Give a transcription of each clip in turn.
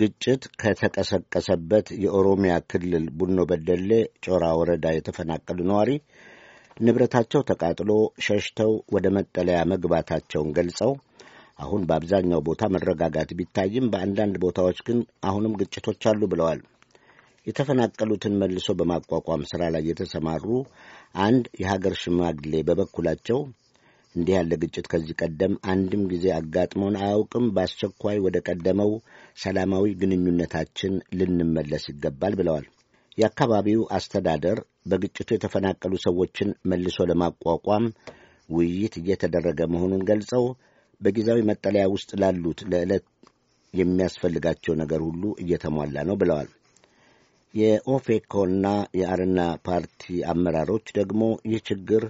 ግጭት ከተቀሰቀሰበት የኦሮሚያ ክልል ቡኖ በደሌ ጮራ ወረዳ የተፈናቀሉ ነዋሪ ንብረታቸው ተቃጥሎ ሸሽተው ወደ መጠለያ መግባታቸውን ገልጸው አሁን በአብዛኛው ቦታ መረጋጋት ቢታይም በአንዳንድ ቦታዎች ግን አሁንም ግጭቶች አሉ ብለዋል። የተፈናቀሉትን መልሶ በማቋቋም ሥራ ላይ የተሰማሩ አንድ የሀገር ሽማግሌ በበኩላቸው እንዲህ ያለ ግጭት ከዚህ ቀደም አንድም ጊዜ አጋጥሞን አያውቅም። በአስቸኳይ ወደ ቀደመው ሰላማዊ ግንኙነታችን ልንመለስ ይገባል ብለዋል። የአካባቢው አስተዳደር በግጭቱ የተፈናቀሉ ሰዎችን መልሶ ለማቋቋም ውይይት እየተደረገ መሆኑን ገልጸው በጊዜያዊ መጠለያ ውስጥ ላሉት ለዕለት የሚያስፈልጋቸው ነገር ሁሉ እየተሟላ ነው ብለዋል። የኦፌኮና የአርና ፓርቲ አመራሮች ደግሞ ይህ ችግር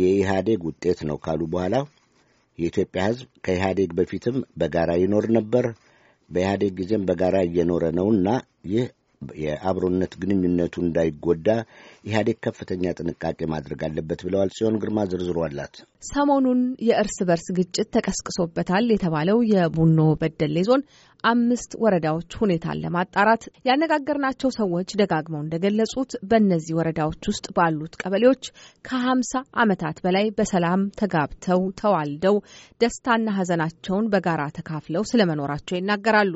የኢህአዴግ ውጤት ነው ካሉ በኋላ የኢትዮጵያ ሕዝብ ከኢህአዴግ በፊትም በጋራ ይኖር ነበር፣ በኢህአዴግ ጊዜም በጋራ እየኖረ ነውና ይህ የአብሮነት ግንኙነቱ እንዳይጎዳ ኢህአዴግ ከፍተኛ ጥንቃቄ ማድረግ አለበት ብለዋል። ጽዮን ግርማ ዝርዝሩ አላት። ሰሞኑን የእርስ በርስ ግጭት ተቀስቅሶበታል የተባለው የቡኖ በደሌ ዞን አምስት ወረዳዎች ሁኔታን ለማጣራት ያነጋገርናቸው ሰዎች ደጋግመው እንደገለጹት በእነዚህ ወረዳዎች ውስጥ ባሉት ቀበሌዎች ከሀምሳ ዓመታት በላይ በሰላም ተጋብተው ተዋልደው ደስታና ሀዘናቸውን በጋራ ተካፍለው ስለመኖራቸው ይናገራሉ።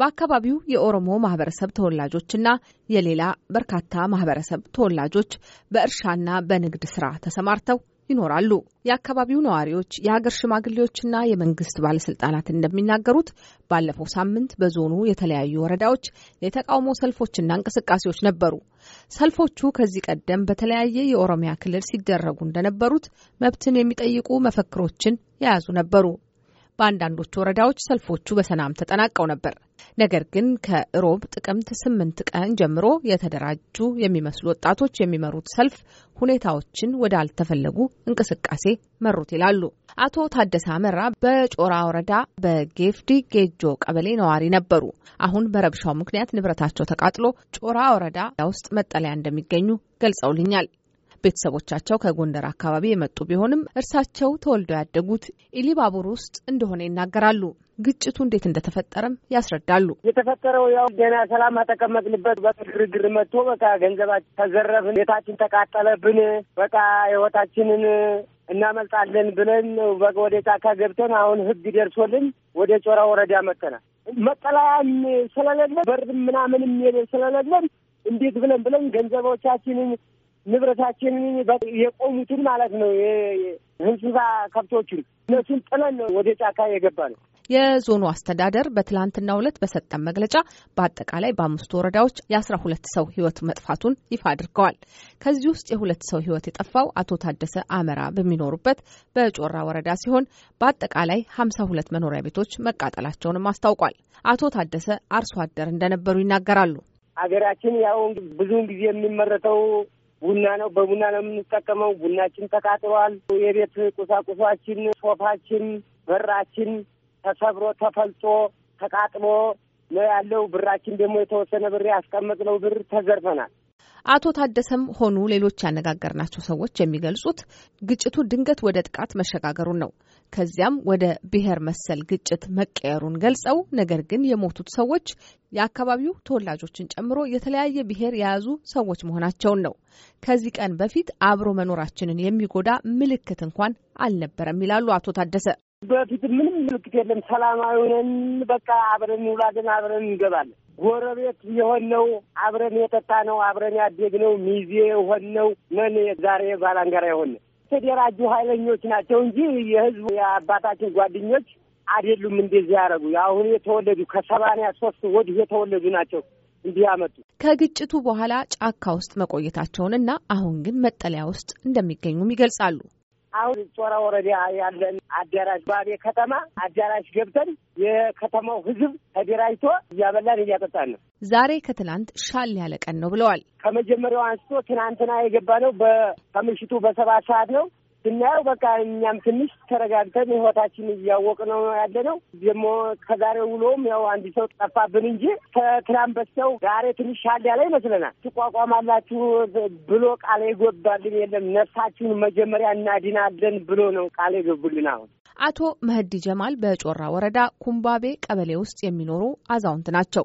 በአካባቢው የኦሮሞ ማህበረሰብ ተወላጆችና የሌላ በርካታ ማህበረሰብ ተወላጆች በእርሻና በንግድ ስራ ተሰማርተው ይኖራሉ። የአካባቢው ነዋሪዎች፣ የሀገር ሽማግሌዎችና የመንግስት ባለስልጣናት እንደሚናገሩት ባለፈው ሳምንት በዞኑ የተለያዩ ወረዳዎች የተቃውሞ ሰልፎችና እንቅስቃሴዎች ነበሩ። ሰልፎቹ ከዚህ ቀደም በተለያየ የኦሮሚያ ክልል ሲደረጉ እንደነበሩት መብትን የሚጠይቁ መፈክሮችን የያዙ ነበሩ። በአንዳንዶቹ ወረዳዎች ሰልፎቹ በሰላም ተጠናቀው ነበር። ነገር ግን ከሮብ ጥቅምት ስምንት ቀን ጀምሮ የተደራጁ የሚመስሉ ወጣቶች የሚመሩት ሰልፍ ሁኔታዎችን ወዳልተፈለጉ እንቅስቃሴ መሩት ይላሉ አቶ ታደሰ አመራ። በጮራ ወረዳ በጌፍዲ ጌጆ ቀበሌ ነዋሪ ነበሩ። አሁን በረብሻው ምክንያት ንብረታቸው ተቃጥሎ ጮራ ወረዳ ውስጥ መጠለያ እንደሚገኙ ገልጸውልኛል። ቤተሰቦቻቸው ከጎንደር አካባቢ የመጡ ቢሆንም እርሳቸው ተወልደው ያደጉት ኢሊባቡር ውስጥ እንደሆነ ይናገራሉ። ግጭቱ እንዴት እንደተፈጠረም ያስረዳሉ። የተፈጠረው ያው ገና ሰላም አተቀመጥንበት በግርግር መጥቶ በቃ ገንዘባችን ተዘረፍን፣ ቤታችን ተቃጠለብን፣ በቃ ህይወታችንን እናመልጣለን ብለን ወደ ጫካ ገብተን አሁን ህግ ደርሶልን ወደ ጮራ ወረዳ መጥተናል። መጠለያም ስለሌለን በርድ ምናምንም ስለሌለን እንዴት ብለን ብለን ገንዘቦቻችንን ንብረታችንን የቆሙትን ማለት ነው እንስሳ ከብቶችን እነሱን ጥለን ወደ ጫካ የገባ ነው። የዞኑ አስተዳደር በትላንትናው ዕለት በሰጠን መግለጫ በአጠቃላይ በአምስቱ ወረዳዎች የአስራ ሁለት ሰው ህይወት መጥፋቱን ይፋ አድርገዋል። ከዚህ ውስጥ የሁለት ሰው ህይወት የጠፋው አቶ ታደሰ አመራ በሚኖሩበት በጮራ ወረዳ ሲሆን በአጠቃላይ ሀምሳ ሁለት መኖሪያ ቤቶች መቃጠላቸውንም አስታውቋል። አቶ ታደሰ አርሶ አደር እንደነበሩ ይናገራሉ። ሀገራችን ያው ብዙውን ጊዜ የሚመረተው ቡና ነው። በቡና ነው የምንጠቀመው። ቡናችን ተቃጥሏል። የቤት ቁሳቁሳችን፣ ሶፋችን፣ በራችን ተሰብሮ ተፈልጦ ተቃጥሎ ነው ያለው። ብራችን ደግሞ የተወሰነ ብር ያስቀመጥነው ብር ተዘርፈናል። አቶ ታደሰም ሆኑ ሌሎች ያነጋገርናቸው ሰዎች የሚገልጹት ግጭቱ ድንገት ወደ ጥቃት መሸጋገሩን ነው። ከዚያም ወደ ብሔር መሰል ግጭት መቀየሩን ገልጸው ነገር ግን የሞቱት ሰዎች የአካባቢው ተወላጆችን ጨምሮ የተለያየ ብሔር የያዙ ሰዎች መሆናቸውን ነው። ከዚህ ቀን በፊት አብሮ መኖራችንን የሚጎዳ ምልክት እንኳን አልነበረም ይላሉ አቶ ታደሰ። በፊት ምንም ምልክት የለም። ሰላማዊ ነን፣ በቃ አብረን እንውላለን፣ አብረን እንገባለን ጎረቤት የሆነው አብረን የጠጣ ነው አብረን ያደግ ነው ሚዜ የሆነው ነን ዛሬ ባላንጋራ የሆነ የተደራጁ ኃይለኞች ናቸው እንጂ የህዝቡ የአባታችን ጓደኞች አይደሉም። እንደዚህ ያደረጉ አሁን የተወለዱ ከሰማንያ ሶስት ወዲህ የተወለዱ ናቸው እንዲህ ያመጡ። ከግጭቱ በኋላ ጫካ ውስጥ መቆየታቸውንና አሁን ግን መጠለያ ውስጥ እንደሚገኙም ይገልጻሉ። አሁን ጾራ ወረዳ ያለን አዳራሽ ባቤ ከተማ አዳራሽ ገብተን የከተማው ህዝብ ተደራጅቶ እያበላን እያጠጣን ነው። ዛሬ ከትናንት ሻል ያለ ቀን ነው ብለዋል። ከመጀመሪያው አንስቶ ትናንትና የገባ ነው። ከምሽቱ በሰባት ሰዓት ነው ስናየው በቃ እኛም ትንሽ ተረጋግተን ህይወታችን እያወቅ ነው ያለ ነው። ደግሞ ከዛሬ ውሎም ያው አንድ ሰው ጠፋብን እንጂ ከትናንት በስተው ዛሬ ትንሽ ሻል ያለ ይመስለናል። ትቋቋማላችሁ ብሎ ቃል የገባልን የለም። ነፍሳችሁን መጀመሪያ እናድናለን ብሎ ነው ቃል ይገቡልን። አሁን አቶ መህዲ ጀማል በጮራ ወረዳ ኩምባቤ ቀበሌ ውስጥ የሚኖሩ አዛውንት ናቸው።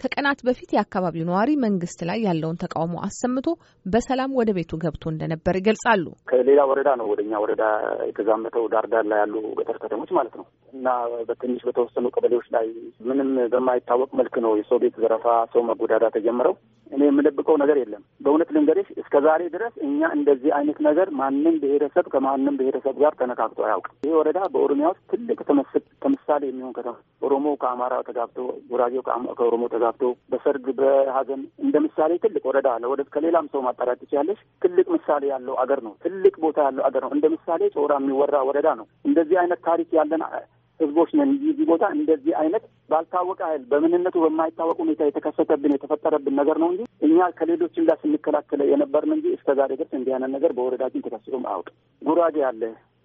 ከቀናት በፊት የአካባቢው ነዋሪ መንግስት ላይ ያለውን ተቃውሞ አሰምቶ በሰላም ወደ ቤቱ ገብቶ እንደነበር ይገልጻሉ። ከሌላ ወረዳ ነው ወደኛ ወረዳ የተዛመተው ዳርዳር ላይ ያሉ ገጠር ከተሞች ማለት ነው። እና በትንሽ በተወሰኑ ቀበሌዎች ላይ ምንም በማይታወቅ መልክ ነው የሰው ቤት ዘረፋ፣ ሰው መጎዳዳ ተጀምረው እኔ የምደብቀው ነገር የለም። በእውነት ልንገርሽ እስከ ዛሬ ድረስ እኛ እንደዚህ አይነት ነገር ማንም ብሔረሰብ ከማንም ብሔረሰብ ጋር ተነካክቶ አያውቅም። ይሄ ወረዳ በኦሮሚያ ውስጥ ትልቅ ተምሳሌ የሚሆን ከተማ ኦሮሞ ከአማራ ተጋብቶ፣ ጉራጌው ከኦሮሞ ተጋብቶ በሰርግ በሀዘን እንደ ምሳሌ ትልቅ ወረዳ አለ። ወደ ከሌላም ሰው ማጣራት ትችያለሽ። ትልቅ ምሳሌ ያለው አገር ነው። ትልቅ ቦታ ያለው አገር ነው። እንደ ምሳሌ ጾራ የሚወራ ወረዳ ነው። እንደዚህ አይነት ታሪክ ያለን ህዝቦች ነን። ይህ ቦታ እንደዚህ አይነት ባልታወቀ ኃይል በምንነቱ በማይታወቅ ሁኔታ የተከሰተብን የተፈጠረብን ነገር ነው እንጂ እኛ ከሌሎችም ጋር ስንከላከለ የነበርን እንጂ እስከ ዛሬ ድረስ እንዲህ አይነት ነገር በወረዳችን ተከስቶም አያውቅም። ጉራጌ አለ፣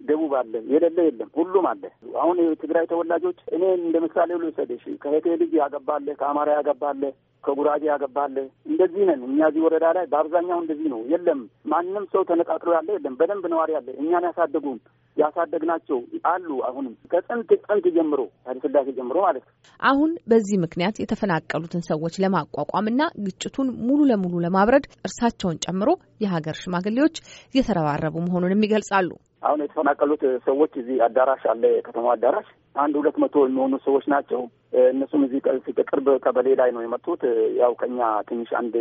ደቡብ አለ፣ የሌለ የለም፣ ሁሉም አለ። አሁን የትግራይ ተወላጆች እኔ እንደ ምሳሌ ልውሰድሽ። ከሄቴ ልጅ ያገባለ፣ ከአማራ ያገባለ፣ ከጉራጌ ያገባለ። እንደዚህ ነን እኛ እዚህ ወረዳ ላይ በአብዛኛው እንደዚህ ነው። የለም ማንም ሰው ተነጣጥሎ ያለ የለም። በደንብ ነዋሪ አለ። እኛን ያሳደጉም ያሳደግናቸው አሉ። አሁንም ከጥንት ጥንት ጀምሮ ኃይለ ጀምሮ ማለት ነው። አሁን በዚህ ምክንያት የተፈናቀሉትን ሰዎች ለማቋቋምና ግጭቱን ሙሉ ለሙሉ ለማብረድ እርሳቸውን ጨምሮ የሀገር ሽማግሌዎች እየተረባረቡ መሆኑንም ይገልጻሉ። አሁን የተፈናቀሉት ሰዎች እዚህ አዳራሽ አለ፣ የከተማው አዳራሽ አንድ ሁለት መቶ የሚሆኑ ሰዎች ናቸው። እነሱም እዚህ ቅርብ ቀበሌ ላይ ነው የመጡት። ያው ከኛ ትንሽ አንድ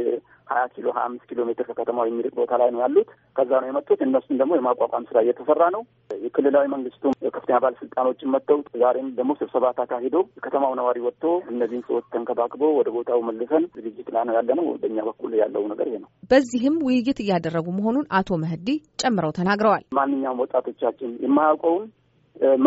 ሀያ ኪሎ ሀያ አምስት ኪሎ ሜትር ከከተማው የሚርቅ ቦታ ላይ ነው ያሉት። ከዛ ነው የመጡት። እነሱም ደግሞ የማቋቋም ስራ እየተሰራ ነው። የክልላዊ መንግስቱ ከፍተኛ ባለስልጣኖችን መጥተው ዛሬም ደግሞ ስብሰባ ተካሂዶ ከተማው ነዋሪ ወጥቶ እነዚህን ሰዎች ተንከባክቦ ወደ ቦታው መልሰን ዝግጅት ላይ ነው ያለ ነው። በእኛ በኩል ያለው ነገር ይሄ ነው። በዚህም ውይይት እያደረጉ መሆኑን አቶ መህዲ ጨምረው ተናግረዋል። ማንኛውም ወጣቶቻችን የማያውቀውን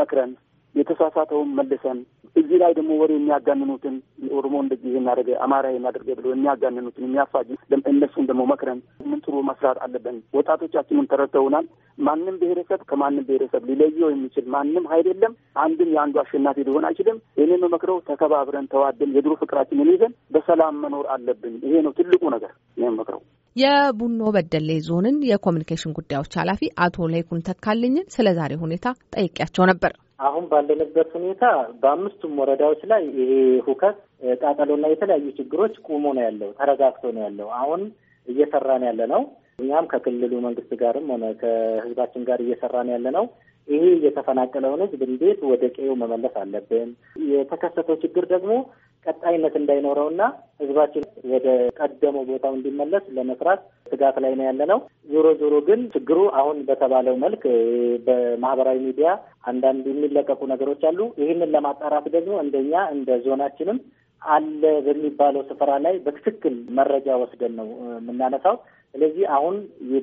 መክረን የተሳሳተውን መልሰን እዚህ ላይ ደግሞ ወሬ የሚያጋንኑትን ኦሮሞ እንደዚህ ይሄን አማራ ይሄን ብሎ የሚያጋንኑትን የሚያፋጅ እነሱን ደግሞ መክረን ምን ጥሩ መስራት አለብን። ወጣቶቻችንም ተረድተውናል። ማንም ብሔረሰብ ከማንም ብሔረሰብ ሊለየው የሚችል ማንም ኃይል የለም። አንድም የአንዱ አሸናፊ ሊሆን አይችልም። እኔ መክረው ተከባብረን ተዋደን የድሮ ፍቅራችንን ይዘን በሰላም መኖር አለብን። ይሄ ነው ትልቁ ነገር እኔ መክረው የቡኖ በደሌ ዞንን የኮሚኒኬሽን ጉዳዮች ኃላፊ አቶ ላይኩን ተካልኝን ስለ ዛሬ ሁኔታ ጠይቄያቸው ነበር። አሁን ባለንበት ሁኔታ በአምስቱም ወረዳዎች ላይ ይሄ ሁከት ቃጠሎና የተለያዩ ችግሮች ቁሞ ነው ያለው፣ ተረጋግቶ ነው ያለው። አሁን እየሰራን ያለ ነው። እኛም ከክልሉ መንግስት ጋርም ሆነ ከህዝባችን ጋር እየሰራን ያለ ነው። ይሄ የተፈናቀለውን ህዝብ እንዴት ወደ ቀዬው መመለስ አለብን። የተከሰተው ችግር ደግሞ ቀጣይነት እንዳይኖረውና ህዝባችን ወደ ቀደመው ቦታው እንዲመለስ ለመስራት ስጋት ላይ ነው ያለ ነው። ዞሮ ዞሮ ግን ችግሩ አሁን በተባለው መልክ በማህበራዊ ሚዲያ አንዳንድ የሚለቀቁ ነገሮች አሉ። ይህንን ለማጣራት ደግሞ እንደኛ እንደ ዞናችንም አለ በሚባለው ስፍራ ላይ በትክክል መረጃ ወስደን ነው የምናነሳው። ስለዚህ አሁን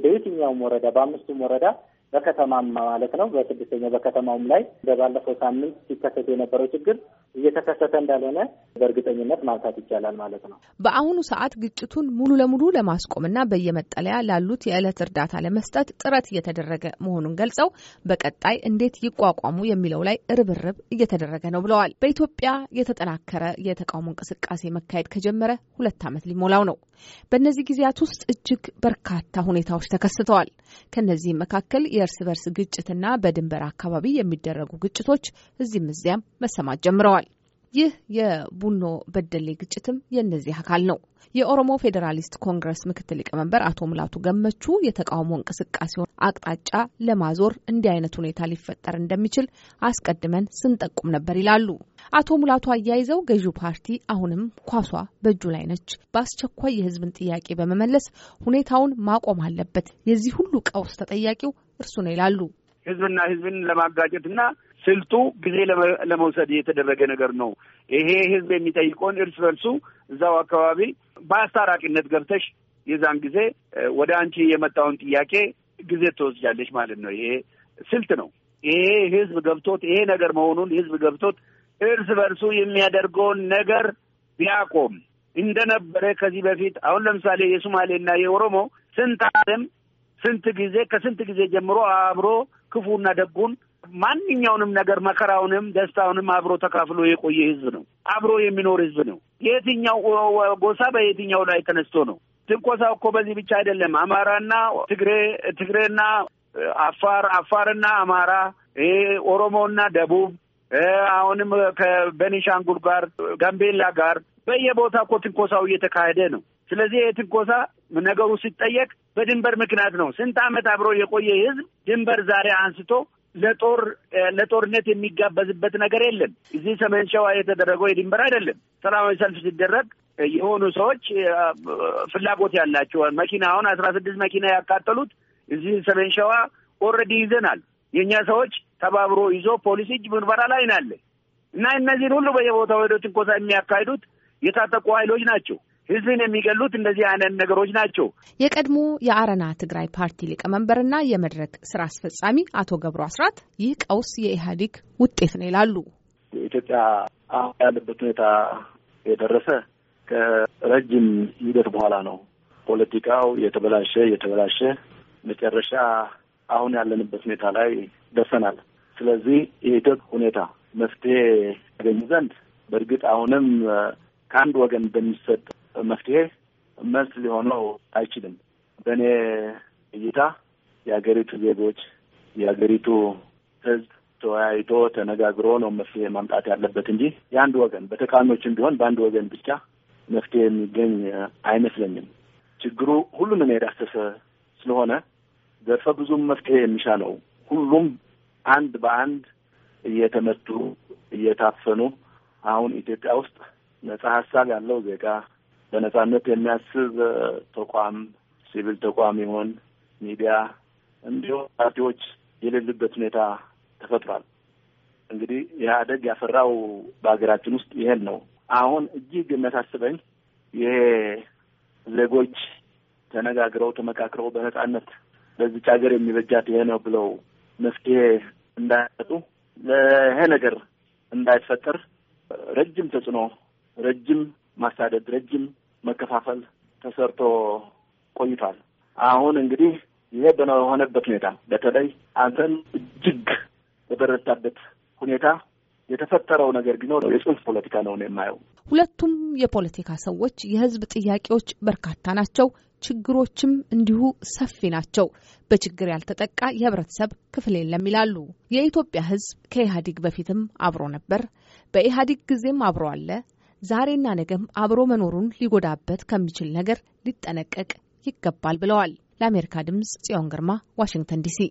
በየትኛውም ወረዳ በአምስቱም ወረዳ በከተማም ማለት ነው። በስድስተኛው በከተማውም ላይ በባለፈው ሳምንት ሲከሰት የነበረው ችግር እየተከሰተ እንዳልሆነ በእርግጠኝነት ማንሳት ይቻላል ማለት ነው። በአሁኑ ሰዓት ግጭቱን ሙሉ ለሙሉ ለማስቆምና በየመጠለያ ላሉት የዕለት እርዳታ ለመስጠት ጥረት እየተደረገ መሆኑን ገልጸው በቀጣይ እንዴት ይቋቋሙ የሚለው ላይ ርብርብ እየተደረገ ነው ብለዋል። በኢትዮጵያ የተጠናከረ የተቃውሞ እንቅስቃሴ መካሄድ ከጀመረ ሁለት ዓመት ሊሞላው ነው። በእነዚህ ጊዜያት ውስጥ እጅግ በርካታ ሁኔታዎች ተከስተዋል። ከእነዚህም መካከል የእርስ በርስ ግጭትና በድንበር አካባቢ የሚደረጉ ግጭቶች እዚህም እዚያም መሰማት ጀምረዋል። ይህ የቡኖ በደሌ ግጭትም የእነዚህ አካል ነው። የኦሮሞ ፌዴራሊስት ኮንግረስ ምክትል ሊቀመንበር አቶ ሙላቱ ገመቹ የተቃውሞ እንቅስቃሴውን አቅጣጫ ለማዞር እንዲህ አይነት ሁኔታ ሊፈጠር እንደሚችል አስቀድመን ስንጠቁም ነበር ይላሉ። አቶ ሙላቱ አያይዘው ገዢው ፓርቲ አሁንም ኳሷ በእጁ ላይ ነች፣ በአስቸኳይ የህዝብን ጥያቄ በመመለስ ሁኔታውን ማቆም አለበት። የዚህ ሁሉ ቀውስ ተጠያቂው እርሱ ነው ይላሉ። ህዝብና ህዝብን ለማጋጨትና ስልቱ ጊዜ ለመውሰድ የተደረገ ነገር ነው። ይሄ ህዝብ የሚጠይቀውን እርስ በርሱ እዛው አካባቢ በአስታራቂነት ገብተሽ የዛን ጊዜ ወደ አንቺ የመጣውን ጥያቄ ጊዜ ትወስጃለች ማለት ነው። ይሄ ስልት ነው። ይሄ ህዝብ ገብቶት ይሄ ነገር መሆኑን ህዝብ ገብቶት እርስ በርሱ የሚያደርገውን ነገር ቢያቆም እንደነበረ ከዚህ በፊት አሁን ለምሳሌ የሶማሌና የኦሮሞ ስንት ዓለም ስንት ጊዜ ከስንት ጊዜ ጀምሮ አብሮ ክፉና ደጉን ማንኛውንም ነገር መከራውንም ደስታውንም አብሮ ተካፍሎ የቆየ ህዝብ ነው። አብሮ የሚኖር ህዝብ ነው። የትኛው ጎሳ በየትኛው ላይ ተነስቶ ነው? ትንኮሳ እኮ በዚህ ብቻ አይደለም። አማራና ትግሬ፣ ትግሬና አፋር፣ አፋርና አማራ፣ ኦሮሞና ደቡብ፣ አሁንም ከቤኒሻንጉል ጋር፣ ጋምቤላ ጋር በየቦታ እኮ ትንኮሳው እየተካሄደ ነው። ስለዚህ ይህ ትንኮሳ ነገሩ ሲጠየቅ በድንበር ምክንያት ነው። ስንት ዓመት አብሮ የቆየ ህዝብ ድንበር ዛሬ አንስቶ ለጦር ለጦርነት የሚጋበዝበት ነገር የለም። እዚህ ሰሜን ሸዋ የተደረገው የድንበር አይደለም። ሰላማዊ ሰልፍ ሲደረግ የሆኑ ሰዎች ፍላጎት ያላቸው መኪና አሁን አስራ ስድስት መኪና ያቃጠሉት እዚህ ሰሜን ሸዋ ኦልሬዲ ይዘናል። የእኛ ሰዎች ተባብሮ ይዞ ፖሊስ እጅ ምንበራ ላይ ናለ እና እነዚህን ሁሉ በየቦታው ሄዶ ትንኮሳ የሚያካሂዱት የታጠቁ ኃይሎች ናቸው። ህዝብን የሚገሉት እንደዚህ አይነት ነገሮች ናቸው። የቀድሞ የአረና ትግራይ ፓርቲ ሊቀመንበርና የመድረክ ስራ አስፈጻሚ አቶ ገብሩ አስራት ይህ ቀውስ የኢህአዴግ ውጤት ነው ይላሉ። የኢትዮጵያ አሁን ያለበት ሁኔታ የደረሰ ከረጅም ሂደት በኋላ ነው። ፖለቲካው የተበላሸ የተበላሸ መጨረሻ አሁን ያለንበት ሁኔታ ላይ ደርሰናል። ስለዚህ የኢትዮጵ ሁኔታ መፍትሄ ያገኝ ዘንድ በእርግጥ አሁንም ከአንድ ወገን በሚሰጥ መፍትሄ መልስ ሊሆነው አይችልም። በእኔ እይታ የሀገሪቱ ዜጎች የሀገሪቱ ህዝብ ተወያይቶ ተነጋግሮ ነው መፍትሄ ማምጣት ያለበት እንጂ የአንድ ወገን በተቃዋሚዎችም ቢሆን በአንድ ወገን ብቻ መፍትሄ የሚገኝ አይመስለኝም። ችግሩ ሁሉንም የዳሰሰ ስለሆነ ዘርፈ ብዙም መፍትሄ የሚሻ ነው። ሁሉም አንድ በአንድ እየተመቱ እየታፈኑ አሁን ኢትዮጵያ ውስጥ ነጻ ሀሳብ ያለው ዜጋ በነጻነት የሚያስብ ተቋም ሲቪል ተቋም ይሆን ሚዲያ እንዲሁም ፓርቲዎች የሌሉበት ሁኔታ ተፈጥሯል። እንግዲህ ኢህአደግ ያፈራው በሀገራችን ውስጥ ይሄን ነው። አሁን እጅግ የሚያሳስበኝ ይሄ ዜጎች ተነጋግረው ተመካክረው በነጻነት በዚች ሀገር የሚበጃት ይሄ ነው ብለው መፍትሄ እንዳያጡ ለይሄ ነገር እንዳይፈጠር ረጅም ተጽዕኖ ረጅም ማሳደድ፣ ረጅም መከፋፈል ተሰርቶ ቆይቷል። አሁን እንግዲህ ይሄ በሆነበት ሁኔታ በተለይ አንተን እጅግ በበረታበት ሁኔታ የተፈጠረው ነገር ቢኖር የጽንፍ ፖለቲካ ነው የማየው። ሁለቱም የፖለቲካ ሰዎች የህዝብ ጥያቄዎች በርካታ ናቸው፣ ችግሮችም እንዲሁ ሰፊ ናቸው። በችግር ያልተጠቃ የህብረተሰብ ክፍል የለም ይላሉ። የኢትዮጵያ ህዝብ ከኢህአዴግ በፊትም አብሮ ነበር፣ በኢህአዴግ ጊዜም አብሮ አለ፣ ዛሬና ነገም አብሮ መኖሩን ሊጎዳበት ከሚችል ነገር ሊጠነቀቅ ይገባል ብለዋል። ለአሜሪካ ድምጽ ጽዮን ግርማ ዋሽንግተን ዲሲ